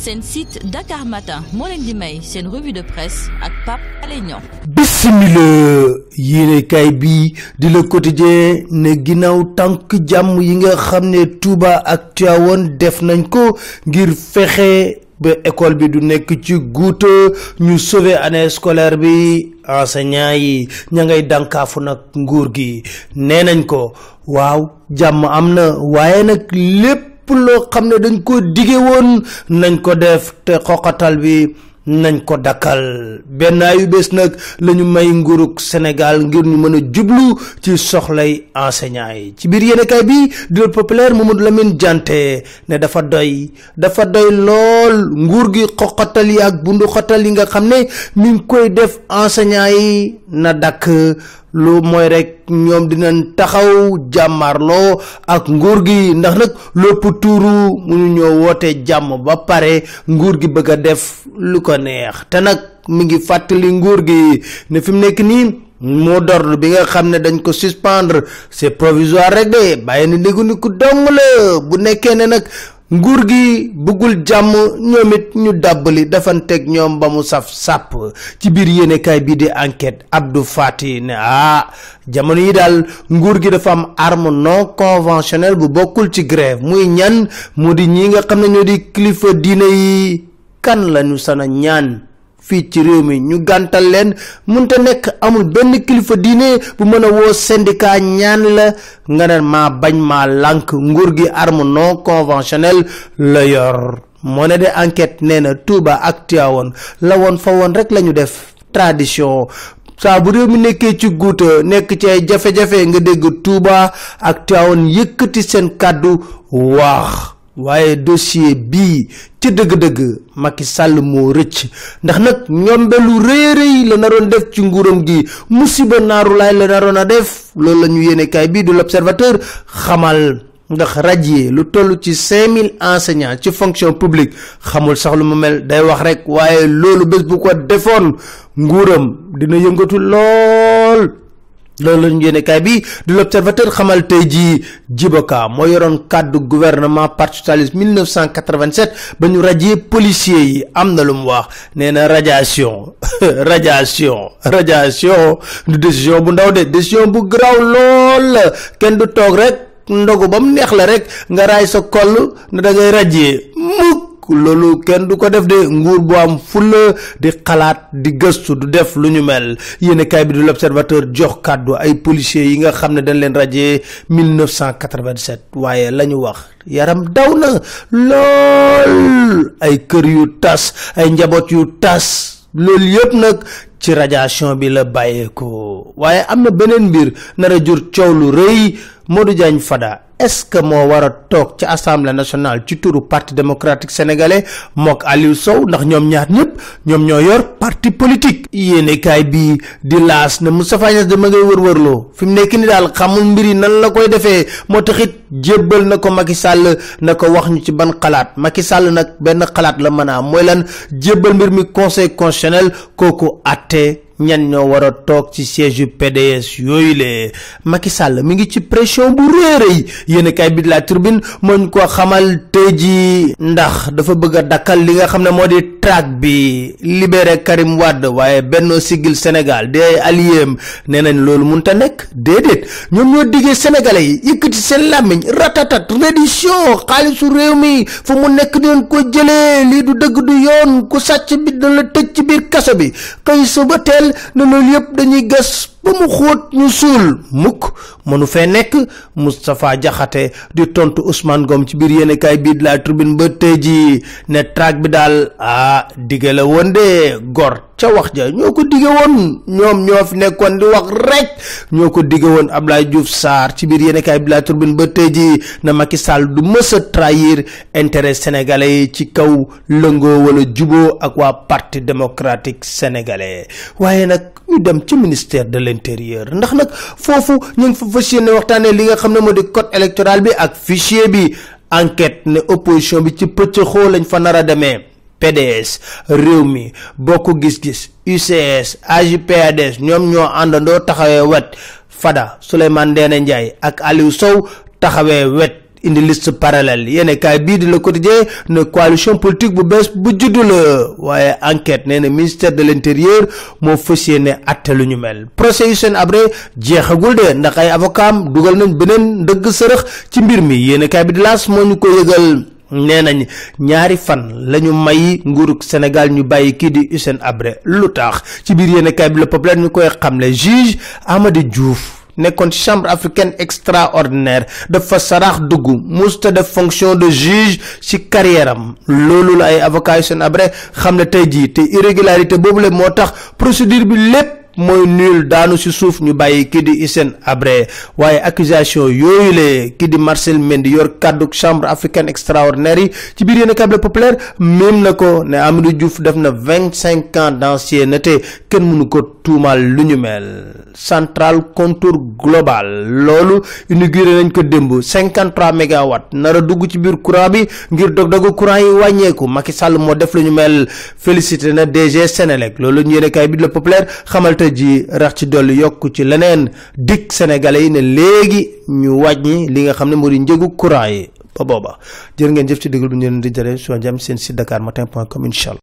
Sen site Dakar Matin molendi leen di revue de presse ak Pap Alé Bismillah, bisimila yéenekaay bi di Le Quotidien ne ginaw tank jam, yi nga ne Touba ak tiawon def nañ ko ngir fexe ba bi du nek ci ñu sauver année scolaire bi enseignant yi ña ngay nak nguur gi lo xamne dañ ko digge won nañ ko def te xoxatal bi nañ ko dakal ben ayu bes nak lañu may nguruk sénégal ngir ñu mëna jublu ci soxlay enseignant yi ci yene kay bi du populaire mamadou lamine jante ne dafa doy dafa doy lol ngur gi xoxatal yak bundu xotal yi nga xamne koy def enseignant yi na dak lu moy rek ñom dinañ taxaw jàmmarloo ak nguur gi ndax lepp lépp mu ñu ñoo wote jam ba paré nguur gi bëgga def lu ko neex te nak mi ngi fatali nguur gi ne fim nek nekk nii moo dor bi nga xamne dañ ko suspendre c'est provisoire rek de ni ni ku dong la bu nekké ne nguur gi jamu jàmm ñoom it ñu dàbbali dafanteeg ñoom ba mu saf sàpp ci biir yéenekaay bi di enquête abdou fati ne ah jamono yi daal nguur gi dafa am arme non conventionnelle bu bokkul ci grève muy ñan mu di ñi nga xam ne ñoo di kilifa yi kan lañu sana ñaan fi ci réew mi ñu gantal leen munta nekk amul benn kilifa diine bu mën a woo syndicat ñaan la nga ne maa bañ maa lànk nguur gi arme non conventionnel la yor moo ne de enquête nee na tuuba ak tiawoon la woon fa woon rek ñu def tradition saa bu réew mi nekkee ci guuta nekk ci ay jafe-jafe nga dégg tuuba ak tiawoon yëkkati seen kàddu waax waaye dossier bii ci dëgg-dëgg Macky Sall moo rëcc ndax nag ñombelu réeréy la naroon def ci nguuram gi musiba naaru laay la naroon a def loolu la ñu yéene kaay bii du l'observateur xamal ndax radier lu toll ci 5000 enseignants ci fonction publique xamul sax lu mu mel day wax rek waaye loolu bés bu ko defoon nguuram dina yëngatu lool loolu lañu yéene kay bi du l'observateur xamal tey ji jiboka moo yoroon kàddu gouvernement parti socialiste 1987 ba ñu rajee policier yi am na lu mu wax nee na radiation radiation radiation du décision bu ndaw de décision bu graw lool kenn du toog rek ndogu bam neex la rek nga raay sa koll na da ngay rajee mukk lolu kenn du ko def de nguur bu am ful di xalaat di gëstu du def lu ñu mel yene kay bi du l'observateur jox kàddu ay policier yi nga xamne dañ leen rajee 1987 waye lañu wax yaram daw na lool ay kër yu tass ay njabot yu tass lol yépp nak ci radiation bi la bàyyeekoo na beneen mbir jur lu Modou Fada est-ce que mo wara tok ci assemblée nationale ci parti démocratique sénégalais mok aliou sow ndax ñom ñaar ñep ñom ñoo yor parti politique yene kay bi di las na moustapha niass de ngay wër fim nek ni dal xamul biri nan la koy défé motaxit jébal nako Macky Sall nako wax ñu ci ban xalaat Macky Sall nak ben xalaat la mëna moy lan jébal mbir mi conseil constitutionnel ñan ñoo war a toog ci siège PDS yooyu le Macky Sall mi ngi ci pression bu réeréy yéen kay bi la turbine moñ ko xamal tey ji ndax dafa bëgg a dakkal li nga xam ne moo di track bi libéré Karim Wade waaye benno sigil Sénégal di ay alliéem nee nañ loolu munta nekk déedéet ñoom ñoo diggee sénégalais yi yëkkati seen làmmiñ ratatat reddition xaalisu réew mi fu mu nekk deen ko jëlee lii du dëgg du yoon ku sàcc bi da la tëj ci biir kaso bi su ba teel na ne loolu dañuy gas ba mu xóot ñu suul mukk mënu fee nekk jaxate di tontu Ousmane Gom ci biir yéene kaay bii de la tribune ba tey ji ne bi daal ah dige de gor ca wax ja ñoko digge won ñom ñof nekkon di wax rek ñoko digge won Ablaye Diouf Sar ci bir yene kay Ablaye Tourbine ba teji na Macky Sall du mësa trahir intérêt sénégalais ci kaw lengo wala jubo ak wa parti démocratique sénégalais waye nak ñu dem ci ministère de l'intérieur ndax nak fofu ñu fa fassiyene waxtane li nga xamne modi code électoral bi ak fichier bi enquête ne opposition bi ci pecc xol lañ fa nara demee PDS Rumi, Boko Gis Gis UCS AJPADS ñom ñoo andando taxawé wet Fada Suleiman Dene Ndiaye ak Aliou Sow taxawé wet indi liste parallèle yene kay bi di le quotidien ne coalition politique bu bes bu juddu la waye enquête néna ministère de l'intérieur mo fessiyé né atté lu ñu mel procès Hussein Abré jéxagul dé ndax ay avocat dugal nañ benen deug seurex ci mbir mi yene kay bi di las mo ñu ko nee nañ ñaari fan lañu may nguur Sénégal ñu bàyyi kii di Hissène Habré lu tax ci biir yéenekaay bi Le Peuple ñu koy xamle juge Amady Diouf nekkoon ci chambre africaine extraordinaire dafa saraax dugg musta def fonction de juge ci carrière loolu la ay avocat Hissène Habré xam ne tey jii te irrégularité boobu la moo tax procédure bi lépp moy nul daanu ci suuf ñu bàyyi kii di Hissène Habré waaye accusation yooyu le kii di Marcel Mendy yor kaddu chambre africaine extraordinaire yi ci biir yéen câble populaire même na ko ne Amadou Diouf def na 25 ans d'ancienneté kenn mënu ko tuumal lu ñu mel central contour global loolu inauguré nañ ko démb 53 mégawatt nara dugg ci biir courant bi ngir dog dogu courant yi wàññeeku Macky Sall moo def lu ñu mel félicité na DG Sénélec loolu ñu yéen bi le populaire xamal stratégie rax ci dolli yokk ci leneen dikk sénégalais yi ne léegi ñu wàññi li nga xam ne moo di njëgu courant yi ba booba jërë ngeen jëf ci déglu bi ñu leen di jëree su seen site dakar matin point com incha